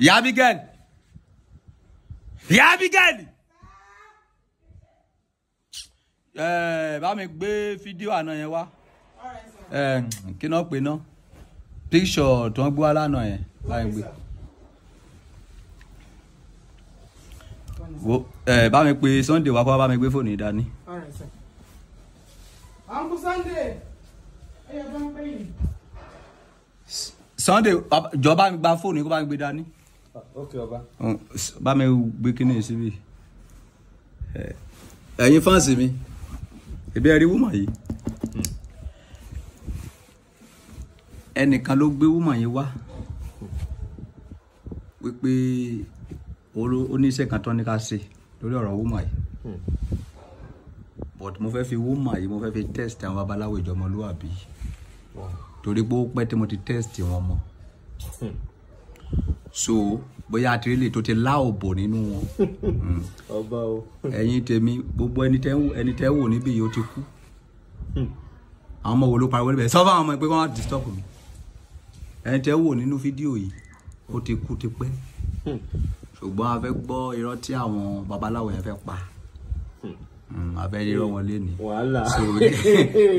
Ya Abigail. Ìyá Abigail. Ẹ eh, bá mi gbé fídíò àná yẹn wá. Ẹ eh, kí náà pè náà. Píṣọ̀ tó ń gbé wá lánàá yẹn ba mi gbé. Ẹ eh, bá mi pe Sunday wá kó bá mi gbé fóònù ìdání. Àǹkú Sunday, Eh, ba ń pè Sunday, jọba mi gba fóònù kó bá mi gbé dání bá mi gbé kíní yìí síbí. ẹ̀yin fáǹsì mi ẹ̀bí ẹ̀rí wúmọ̀ yìí ẹnìkan ló gbé wúmọ̀ yìí wá wípé oníṣẹ́ kan tán ní ká ṣe lórí ọ̀rọ̀ wúmọ̀ yìí but mo fẹ́ fi wúmọ̀ yìí mo fẹ́ fi test àwọn babaláwo ìjọmọlúwàbí torí pé ó pẹ́ tí mo ti test wọn mọ́. so bóyá tirẹ̀lẹ̀ tó ti lá òbò nínú wọn. Hmm. ọba o. ẹ̀yin tèmi gbogbo ẹni tẹ́ ń wò níbí yìí ó ti kú àwọn ọmọ wo ló pariwo níbẹ̀ sọ́fà àwọn ọmọ ẹgbẹ́ wọn disturb mi ẹni tẹ́ ń wò nínú fídíò yìí ó ti kú ti pẹ́ ṣùgbọ́n a fẹ́ gbọ́ irọ́ tí àwọn babaláwo yẹn fẹ́ pa hmm, a fẹ́ rí irọ́ wọn léni wàhálà so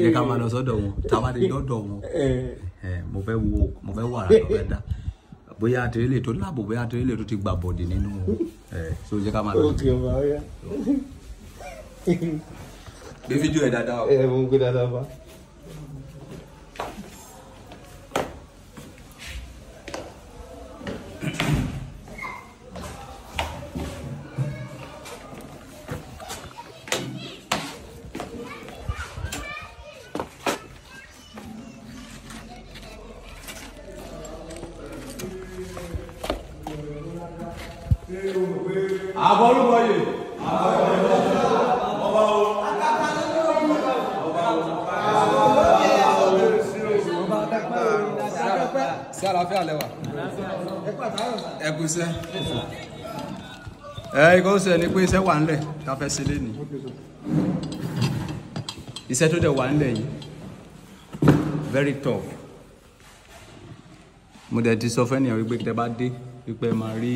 yẹ ká máa lọ sọ́dọ̀ wọn tá a bá ti dọ́dọ̀ wọn eh. Eh, mo fẹ́ wo mo fẹ́ wàrà tó fẹ́ dá bóyá àtẹ̀lélẹ̀ tó láàbò bóyá àtẹ̀lélẹ̀ tó ti gbà bọ̀dì nínú ẹ̀ so jẹ́ ká máa lọ. òkè ọba ọyá. gbé fídíò ẹ dáadáa o. ẹ mo ń gbé dáadáa bá. síṣẹ́ òfò ẹ ikọ́ sẹ ni pé iṣẹ́ wà ńlẹ̀ tá a fẹ́ ṣe lénìí iṣẹ́ tó dẹ̀ wà ńlẹ̀ yìí very tough mo dẹ̀ ti sọ fẹ́niyàn wípé tẹ bá dé wípé ẹ máa rí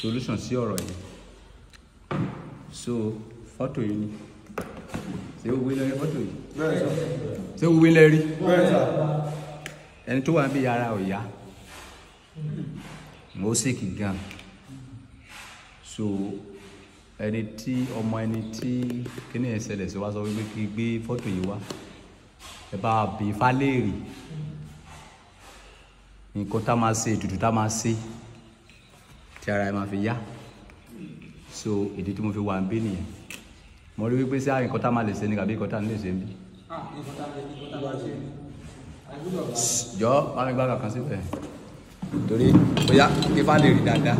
solution sí ọ̀rọ̀ yìí so fọ́tò yìí ni ṣé wo wílẹ̀ rí fọ́tò yìí ṣé wo wílẹ̀ rí ẹni tó wà níbi yàrá ò mo sick gan so ẹni tí ọmọ ẹni tí kíní ẹ̀ ṣẹlẹ̀ sí wa sọ wípé kí gbé fọ́tò yìí wá ẹ bá bí fálẹ́rì nǹkan tá máa ṣe ètùtù tá máa ṣe tí ara ẹ máa fi yá so ìdí tí mo fi wà ń bí nìyẹn mo rí wípé sí àyìnkọ́ tá máa lè ṣe ni àbí ìkọ́ tá ní lè ṣe ń bí. Ah, jọ bá mi gbá kankan síbẹ̀ torí bóyá kífá lè rí dáadáa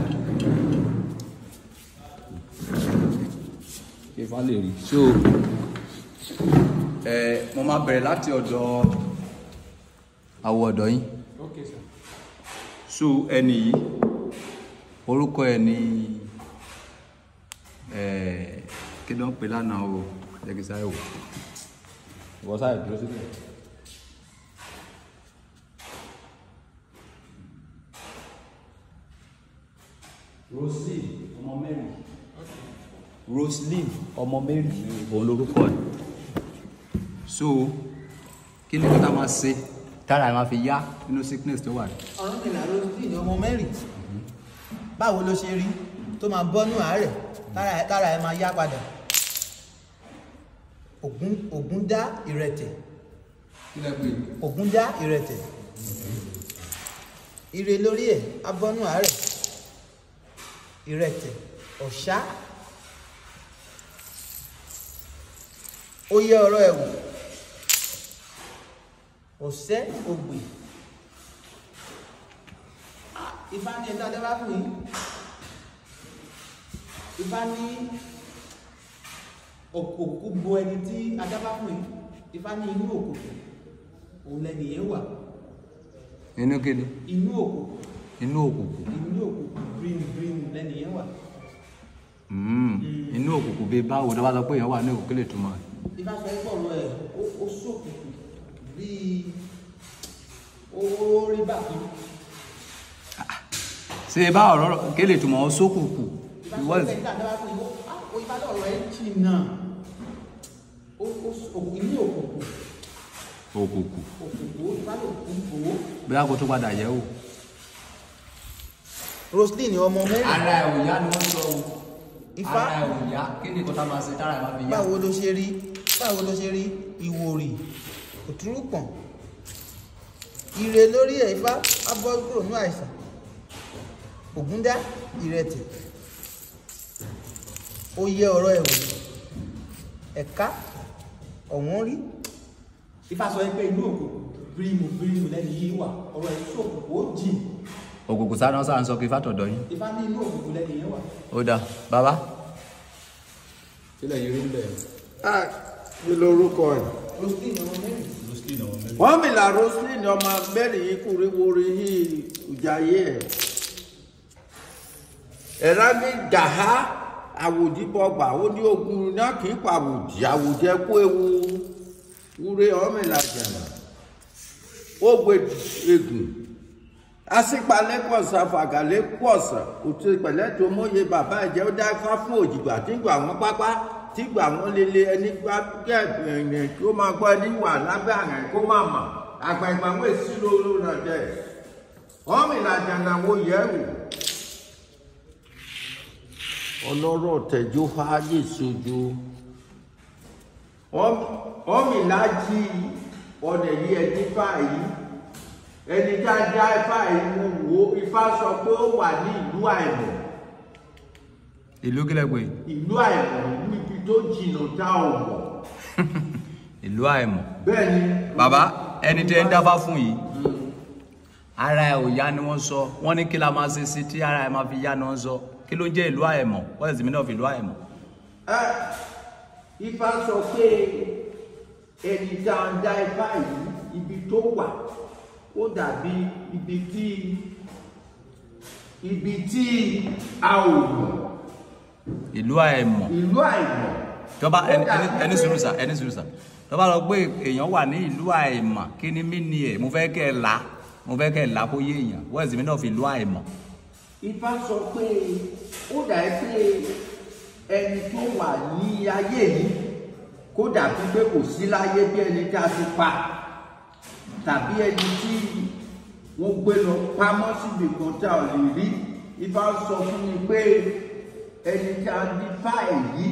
kífá lè rí so ẹ mo máa bẹ̀rẹ̀ láti ọ̀dọ̀ àwọ̀ ọ̀dọ̀ yín so ẹni yìí orúkọ ẹ ní ẹ kí ló ń pè lánàá o jẹ́ kí sáré wò ìwọ sáré dúró síbẹ̀. roseline ọmọ mary roseline ọmọ mary òun lórúkọ ẹ so kí ni kọ́tà máa ṣe tára ẹ̀ máa fi yá nínú sickness tó wà rẹ̀. ọ̀run kìlà roseline ọmọ mary báwo ló ṣe rí tó máa bọ́nú àárẹ̀ tára ẹ̀ máa yá padà ògùn dá ìrẹ̀tẹ̀ ògùn dá ìrẹ̀tẹ̀ ire lórí ẹ̀ abọ́nú àárẹ̀ ìrẹtẹ̀ ọ̀ṣá oyè ọ̀rọ̀ ẹ̀wù ọ̀sẹ́ ògbè ifá ní ẹ̀dá ọ̀dẹ́ bá pè é ifá ní òkòkò bo ẹni tí ajá bá pè é ifá ní inú òkòkò òun lẹ́nìyẹn wà. inú kí inú òkòkò. inú òkùnkùn. inú òkùnkùn green green lẹ́nu yẹn wà. Mm. inú òkùnkùn bíi báwo dábàá sọ pé èèyàn wà ní òkùnkùn lè túmọ̀. ìbá sọ pé pọ̀lú ẹ̀ ó sòkùnkùn bíi ó rí bàbá. ṣe bá ọ̀rọ̀ kéle túmọ̀ ó sòkùnkùn. ìbá sọ pé nígbà dábàá sọ pé ah, ìbá lọ́rọ̀ ẹ̀ ń kì náà inú òkùnkùn. òkùnkùn. òkùnkùn ó ti bá lọ kú kú. bí a kò tó padà yẹ o. Roselyn ni ọmọ mẹ́rin. ara ẹ̀ ò yá ni wọ́n sọ o. ifá ara ẹ̀ ò yá kí ni kọ́tà máa ṣe tára ẹ̀ máa fi yá. báwo ló ṣe rí báwo ló ṣe rí ìwòrì òtúrúpọ̀n ire lórí ẹ̀ ifá abọ́ kúrò ní àìsàn ògúndá ìrẹtẹ̀ oyè ọ̀rọ̀ ẹ̀wò ẹ̀ka ọ̀wọ́n rí. ifá sọ pé inú òkú bírímù bírímù lẹ́nu yìí wà ọ̀rọ̀ ẹ̀ sọ̀kù ó jìn òkùnkùn sáré wọn sáà ń sọ kí ifá tọ̀dọ̀ yín. ifá ní inú òkùnkùn lẹ́yìn yẹn wà. ó dà bàbá. kílẹ̀ yìí rí bẹ́ẹ̀. a ah, mi lorúkọ ẹ̀. wọ́n mi là roslyn ọmọ mẹ́rin yìí kú rí wórí yìí ìjàyé ẹ̀. ẹ̀rá mi dàhá àwòdìbọgbà ó ní ogun náà kì í pa àwòdì àwòdì ẹkú ewu wúre ọmọ ìlàjà ó egun. asípa lẹ́kọ̀ọ́sà fàgàlẹ́ kọ̀ọ̀sà òtún ìpẹ̀lẹ́ tó bàbá ìjẹ́ ó dáká fún òjìgbà tí wọn pápá tí wọn wọ́n lélẹ̀ ẹni gbà gẹ̀ẹ́gbẹ̀rẹ̀ kí o máa gbọ́ ẹni wà lábẹ́ àrẹ̀ kó máa mà lóru nà sojú. yìí ẹni tá a dá ifá ìwú wo ifá sọ pé ó wà ní ìlú àìmọ̀. ìlú kílẹ̀gbẹ̀. ìlú àìmọ̀ níbi tó jìnnà tá ò mọ̀. ìlú àìmọ̀. bẹ́ẹ̀ni. bàbá ẹni tẹ́ ń dábàá fún yìí hmm. ara ẹ ò yá ni wọ́n sọ wọ́n ní kí la máa ṣe sí tí ara ẹ máa fi yá ni wọ́n sọ kí ló ń jẹ́ ìlú àìmọ̀ what is the meaning of ìlú àìmọ̀. ẹ ifá sọ pé ẹni tá a dá ifá yìí ibi tó wà ó dàbí ibi tí ibi tí a ò mọ̀. ìlú àìmọ̀. ìlú àìmọ̀. tọ́ba ẹni sùúrù sà ẹni sùúrù sà tọ́ba lọ pé èèyàn wà ní ìlú àìmọ̀ kí ni mí ni ẹ̀ mo fẹ́ kẹ́ ẹ là mo fẹ́ kẹ́ ẹ là kó yé èèyàn wọ́n ẹ̀sìn mi náà fi ìlú àìmọ̀. ifá sọ pé ó dàí pé ẹni tó wà ní ayé yìí kó dàbí pé kò sí láyé bí ẹni tá a ti pa tàbí ẹni tí wọ́n gbé lọ pamọ́ síbi kan tá ò lè rí ifá sọ fún mi pé ẹni tí a ní fáì yìí.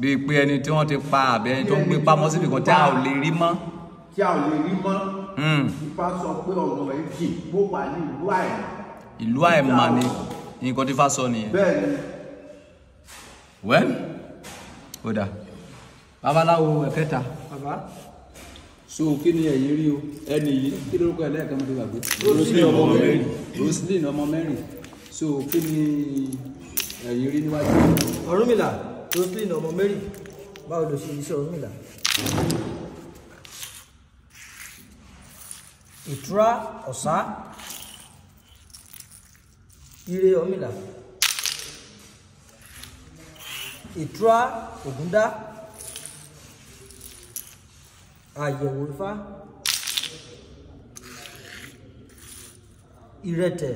bíi pé ẹni tí wọ́n ti pa àbẹ ẹni tó ń gbé pamọ́ síbi kan tá ò lè rí mọ́. tí a ò lè rí mọ́. Hmm. ifá sọ pé ọ̀nà ẹ̀ jì bó wà ní ìlú àìmọ̀. ìlú àìmọ̀ ni nǹkan tí ifá nìyẹn. bẹ́ẹ̀ni. wẹ́n ó babaláwo ẹ̀kẹta. baba so kí ni ẹ̀yin rí o ẹni yìí kí lórúkọ ẹ̀ lẹ́ẹ̀kan mo ti gbàgbé roseline ọmọ mẹ́rin roseline ọmọ mẹ́rin so kí ni ẹ̀yin rí níwájú. ọ̀rúnmìlà roseline ọmọ mẹ́rin báwo ló ṣe iṣẹ́ ọ̀rúnmìlà. ìtura ọ̀sá ire ọ̀mìlà ìtura ògúndá àyẹ̀wò ifá ìrẹtẹ̀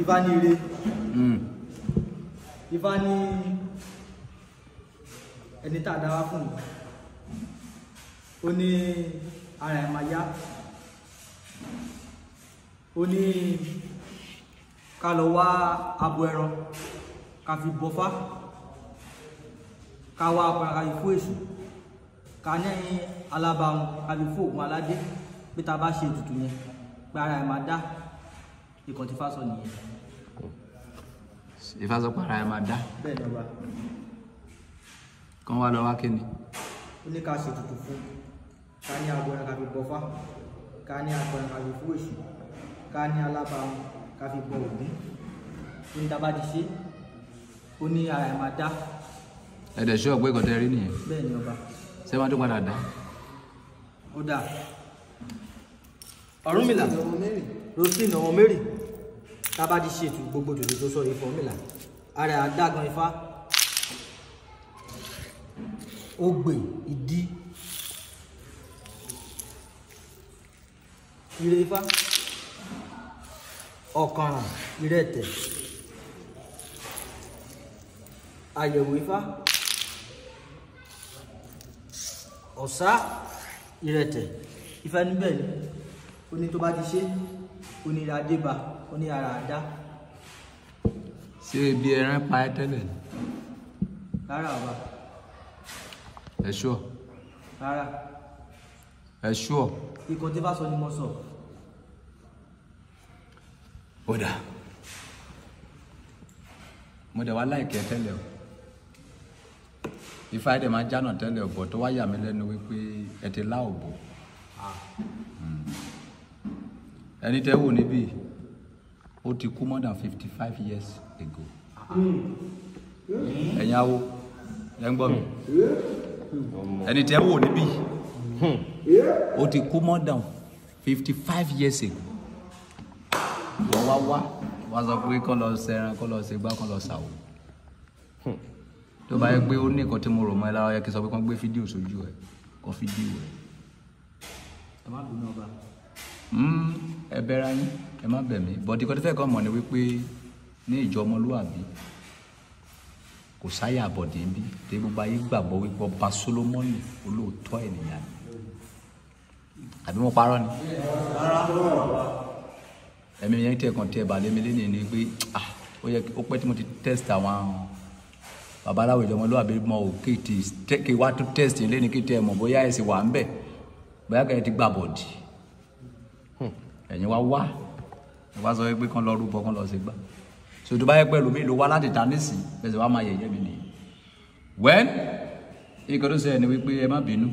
ifá ní ire ifá ní ẹni tá a dára fún un ó ní ara ẹ̀ máa yá ó ní ká lọ wá abo ẹran ká fi bọ fá ká apa apara ìfú èṣù ká ní alábàáhùn àbí fún ògùn aládé pé tá a bá ṣe ètùtù yẹn pé ara ẹ̀ máa dá ìkàn tí fásọ nìyẹn. ìfásọ pé ara ẹ̀ máa dá. bẹ́ẹ̀ ni ọba. kán wá lọ wá kí ni. ó ní ká ṣe ètùtù fún ká ní agbọ̀nrán ká fi bọ́fá ká ní agbọ̀nrán ká fi fún èṣù ká ní alábàáhùn ẹ̀dẹ̀ ṣọ́ ọ̀pẹ́ ìkọ̀tẹ́ rí nìyẹn. bẹ́ẹ̀ni ọba. ṣé wàá tó padà dá. ó dáa ọ̀rúnmìlà roslyn ọmọ mary tá a bá ti ṣètò gbogbo dòdò tó sọ ìfọ̀ mìlà ara àdágan ifá ogbè ìdí ire ifá ọ̀kànràn ìrẹ̀tẹ̀ àyẹ̀wò ifá. ọ̀sá ìrẹ̀tẹ̀ ìfẹ́ níbẹ̀ ni ó ní tó bá ti ṣe ó ní adé bá ó ní ara àdá. ṣé ibi ẹran pa ẹ́ tẹ́lẹ̀ ni. rárá ọba. ẹ ṣọ. rárá. ẹ ṣọ. ikọ̀ tí bá sọ ni mo sọ. ó dà mo dẹ̀ wá láìkẹ́ tẹ́lẹ̀ o ifá ẹ̀dẹ̀ máa jánà tẹ́lẹ̀ ọ̀bọ̀ tó wáyà mí lẹ́nu wípé ẹ ti lá ọ̀bọ̀ hmm. ẹni tẹ́ wò níbí ó ti kú more than fifty five years ago hmm. ẹ̀yin awo ẹ̀ ń gbọ́ mi hmm. ẹni tẹ́ wò níbí ó ti kú more than fifty five years ago wọ́n wá wá wọ́n sọ pé kọ́ lọ sẹ́ran kọ́ lọ sẹ́gbá kọ́ lọ sàwọ́ tó bá yẹ pé ó ní nǹkan tí mo rò mọ́ ẹ lára yẹ kí n sọ pé kán gbé fídíò sójú ẹ kó fídíò ẹ. ẹ má bínú ọba. Hmm, ẹ bẹ̀rẹ̀ yín ẹ má bẹ̀ mí bọ́dí kọ́tí fẹ́ kàn mọ̀ ni wípé ní ìjọ ọmọlúwàbí kò sáyà àbọ̀dé ń bí tí gbogbo ayé gbàgbọ́ wípé ọba Solomoni olóòótọ́ ènìyàn àbí mo parọ́ ni. ẹ̀mí yẹn tẹ̀ kàn tẹ̀ balẹ̀ mi lé ní ni pé ah, ó pẹ́ tí mo ti test àwọn bàbá aláwùjọ ọmọlúwàbí mọ ò kéèké wá tó test yín lẹ́ni kéèké ẹ̀ mọ̀ bóyá ẹ̀sìn wà ń bẹ̀ bóyá kẹ́hìn ti gbà bọ̀dì hmm. ẹ̀yin wá wá ẹ wá sọ pé kán lọ rúbọ kán lọ sí gbà sòtò báyẹ pẹ̀lú mi ló wá láti ta nísì bẹ́sẹ̀ wá máa yẹ̀yẹ́ mi nìyí wẹ́n ìkọ́ tó sọ ẹ̀ ni wípé ẹ má bínú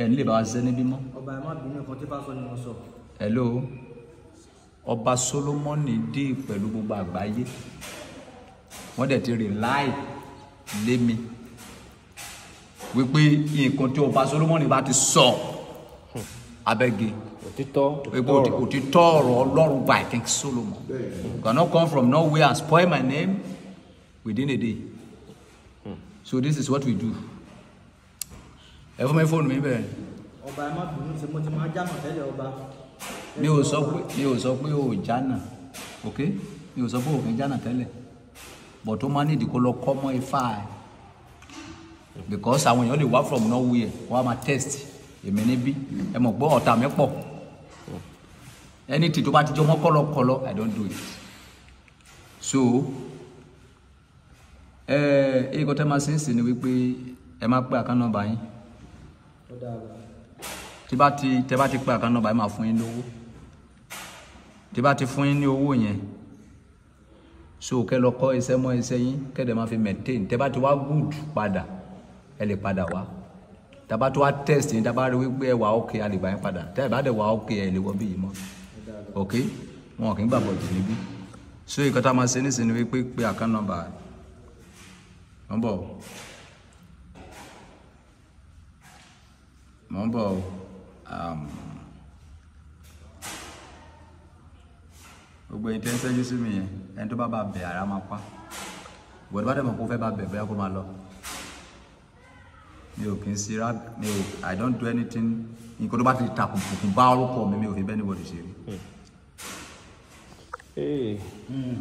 ẹ̀ nílé bá wa ṣiṣẹ́ níbí mọ́. ọba ẹ má bínú ẹ̀kan tí bá sọ ni mo sọ. hello ọba Solomoni dé pẹ̀lú gbogbo àgbáyé wọ́n dẹ̀ ti rely lé mi wípé nǹkan tí ọba Solomoni bá ti sọ abẹ́gi òtítọ́ ọ̀rọ̀ ọlọ́run by King Solomon you cannot come from nowhere and spoil my name within a day hmm. so this is what we do ẹ fún mi fóònù mi bẹ́ẹ̀. ọba ẹ má bínú ṣe mo ti máa jánà tẹ́lẹ̀ ọba. mi ò sọ pé mi ò sọ pé o ò jánà ok mi ò sọ pé ò kì jánà tẹ́lẹ̀ but ó máa ní ìdíkó lọ kọ́ mọ́ ifá ẹ̀ because àwọn èèyàn lè wá from nowhere wọ́n á máa test èmi níbí ẹ mọ̀ gbọ́ ọ̀tá mi pọ̀ anything tó bá ti jọ mọ́ kọ́lọ́kọ́lọ́ i don't do it so ẹ ẹ nǹkan tẹ́ máa ṣe ń sìn ni wípé ẹ máa pé àkànnà bá yín tí bá ti tẹ́ bá ti pé àkànnà bá yín máa fún yín lówó tí bá ti fún yín ní owó yẹn so kẹ lọ kọ́ iṣẹ́ mọ́ iṣẹ́ yín kẹ́dẹ̀ máa fi maintain tẹ́ bá ti wá good padà ẹ lè padà wá tá bá ti wá test yín tá bá rí wípé ẹ wà okay a yín padà tẹ́ ẹ bá wà okay ẹ lè wọ bí yìí mọ́ ok wọn kì í gbàgbọ́ jù níbí so ìkan a máa ṣe nísìnyí wípé pé àkán nọ́mbà mọ́ bọ̀ mọ́ bọ̀ gbogbo ẹni tẹ́ ń ṣẹ́jú sí mi yẹn ẹni tó bá bá bẹ̀ ara máa pa ìwọ̀n bá dẹ̀ mọ̀ kó fẹ́ bá bẹ̀ bóyá kó máa lọ mi ò kì í sira mi ò i don't do anything nǹkan tó bá ti ta kùkùkù bá orúkọ mi mi ò fi bẹ́ẹ̀ ní wọ́ọ̀dù ṣe rí. Hmm. Hmm.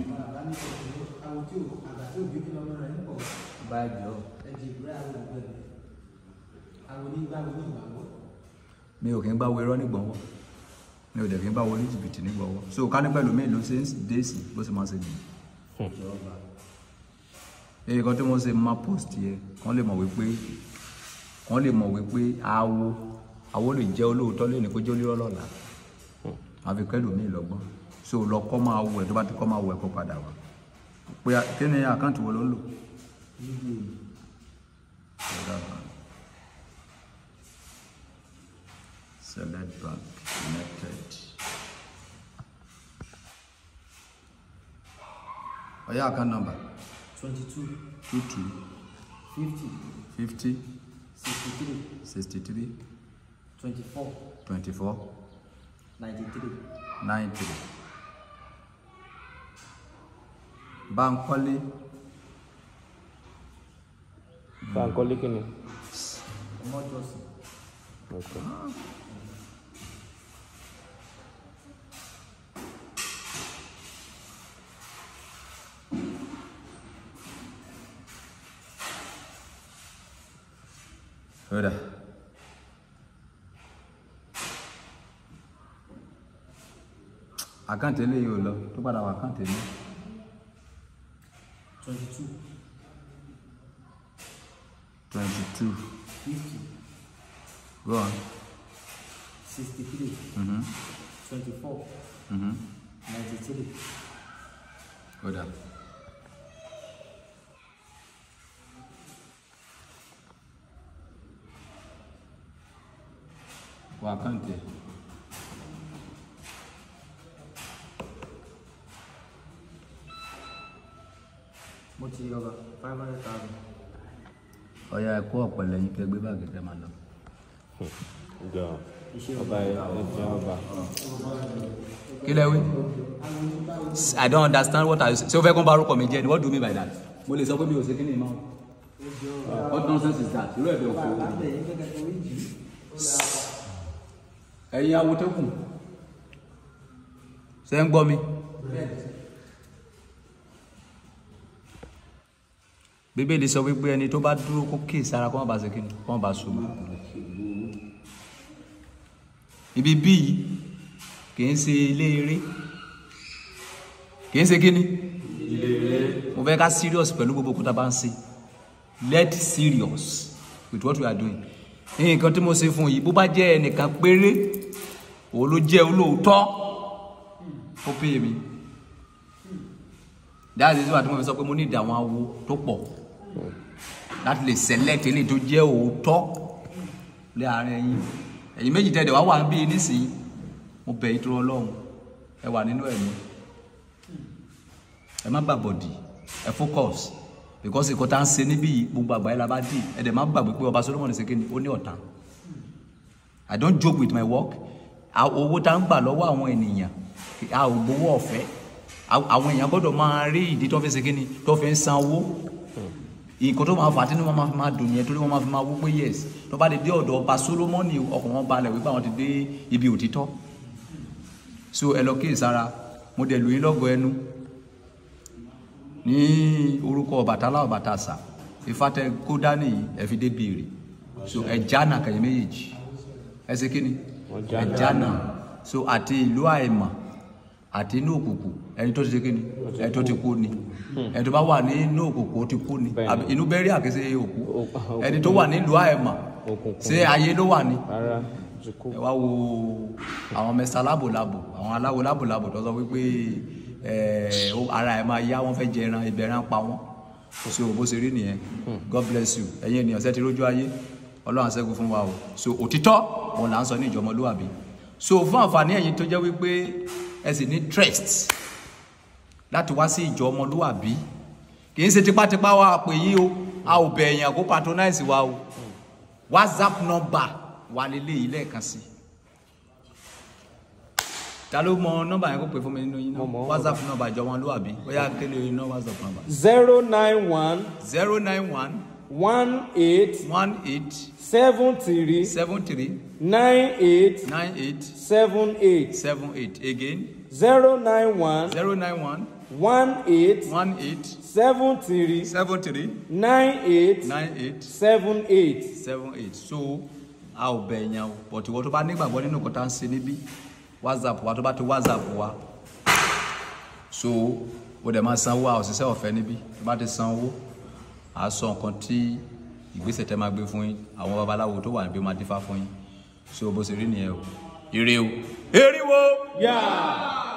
mi ò kì í gbáwó irọ́ nígbọ̀nwọ́ mi ò dẹ̀ fi ń bá wọn ní jìbìtì nígbà ọwọ́ so ká ní pẹ̀lú mi ló ṣe ń dé sí bó ṣe máa ṣe nìyí. Hmm. èyí kan tí wọ́n ṣe máa post yẹ kán lè mọ̀ wípé kán lè mọ̀ wípé awo awo lè jẹ́ olóòótọ́ lónìí kó jẹ́ olóró lọ́la hmm. àfi kẹ́lù mi lọ́gbọ́n so lọ kọ́ máa wọ ẹ̀ tó bá ti kọ́ máa wọ ẹ̀ kó padà wá pé kí ni àkáǹtì wo ló ń lò. So Select bank connected. Oh yeah, account number. 22. 22. 50. 50. 63. 63. 24. 24. 93. 93. Bankole. Bankole kini. Ọmọ Jọ́sìn. Okay. Ah. Öyle. àkáǹtì eléyìí ò lọ tó padà wà àkáǹtì eléyìí. twenty two. twenty two. fifty. go on. sixty three. Mm-hmm. twenty four. Mm-hmm. ninety three. ó dà. wakante mo ti yọba five hundred thousand. ọ̀ya ẹ̀kọ́ ọ̀pẹ̀lẹ̀ yín kẹgbẹ́ báàgì tẹ́ máa lọ. ìjọ wí. I don't understand what I say. ṣé o fẹ́ kó n bá orúkọ mi jẹ́ ni what do you mean by that? mo lè sọ pé mi ò ṣe kí ni ìmọ̀. What nonsense is that? irú ẹ̀bẹ̀ òfò ẹ̀yin awotẹ́kùn ṣe ń gbọ́ mi bíbélì sọ wípé ẹni tó bá dúró kó kí ìsara kó má bàa ṣèkí kó má bàa ṣubú ibi bíi kì í ṣe ilé eré kì í ṣe kí ni mo fẹ́ ká serious pẹ̀lú gbogbo kúta bá ń ṣe let serious with what we are doing nǹkan tí mo ṣe fún yìí bó bá jẹ́ ẹnìkan péré òun ló jẹ́ olóòótọ́ ó péye mi dáàbò tí wọ́n fi sọ pé mo ní ìdàwọn awo tó pọ̀ láti lè select eléyìí tó jẹ́ òótọ́ lé àárín ẹ̀yin ẹ̀yin méjì tẹ̀dẹ̀ wá wà ń bí nísìnyí mo bẹ̀ yín tó ọlọ́run ẹ wà nínú ẹ̀mí ẹ má gbàbọ̀dì ẹ focus because ìkọ́ta ń ṣe níbí gbogbo àgbáyé la bá dì ẹ dẹ̀ má gbàgbé pé ọba Solomon ṣe kí ni ó ní ọ̀tá I don't joke with my work owó tá ń gbà lọ́wọ́ àwọn ènìyàn a ò gbowó ọ̀fẹ́ àwọn èèyàn gbọ́dọ̀ máa rí ìdí tó fi ṣe kíni tó fi ń san owó nǹkan tó máa fà á tí wọ́n máa dùn yẹn torí wọ́n máa fi máa wó pé yes tó bá lè dé ọ̀dọ̀ ọba Solomoni ọkàn wọn balẹ̀ wípé àwọn ti dé ibi òtítọ́ so ẹ lọ kíyèsí ara mo dẹ̀ lù yín lọ́gọ̀ ẹnu ní orúkọ Ọbàtálá Ọbàtásà Ifá tẹ kó dání ẹ fi dé bìrì so ẹ já nàkàyè méjèèjì ẹ ṣe kíni wàjánà so àti ìlú àìmọ̀ àti inú òkùnkùn ẹni tó ti ṣe kí ni ẹni tó ti kú ni hmm. ẹni tó bá wà ní inú òkùnkùn ó ti kú ni inú bẹ́rí àkẹ́sẹ́ òkú ẹni tó wà nílùú àìmọ̀ ṣé ayé ló wà ni ẹ wá wo àwọn mẹ́sà lábòlábò àwọn aláwo lábòlábò tó sọ wípé ara ẹ̀ máa yá wọ́n fẹ́ jẹ ẹran ìbẹ̀rẹ̀ ń pa wọ́n kò sí òun ṣe rí nìyẹn hmm. God bless you ẹ̀yin ènìyàn ṣẹ́ ti rójú ayé ọlọ́run ṣẹ́gun fún wa o so òtítọ́ òun là ń sọ ní ìjọmọlúwàbí so fún àǹfààní ẹ̀yin tó jẹ́ wípé ẹ sì ní trust láti wá sí ìjọmọlúwàbí kì í ṣe tipátipá wa pè yí o a ò bẹ̀ èèyàn kó patronize wa o whatsapp number wà lélẹ́yìí lẹ́ẹ̀kan sí i ta ló mọ nọmba yẹn kó pè fún mi nínú yín náà whatsapp nọmba ìjọmọlúwàbí bóyá kéde iná whatsapp nọmba. zero nine one. zero nine one one eight. one eight. seven three. seven three. nine eight. nine eight. seven eight. seven eight again. zero nine one. zero nine one. one eight. one eight. seven three. seven three. nine eight. nine eight. seven eight. seven eight so a ò bẹ̀ yẹn o but ìwọ tó bá nígbàgbọ́ nínú nǹkan tá à ń ṣe níbí whatsapp wa tó bá ti whatsapp wa so o dẹ̀ máa sanwó a ò ṣiṣẹ́ ọ̀fẹ́ níbí tó bá ti sanwó a sọ nǹkan tí ìgbésẹ̀ tẹ́ máa gbé fún yín àwọn babaláwo tó wà níbi máa dífá fún yín so bó ṣe rí nìyẹn o ire o eriwo. Yeah.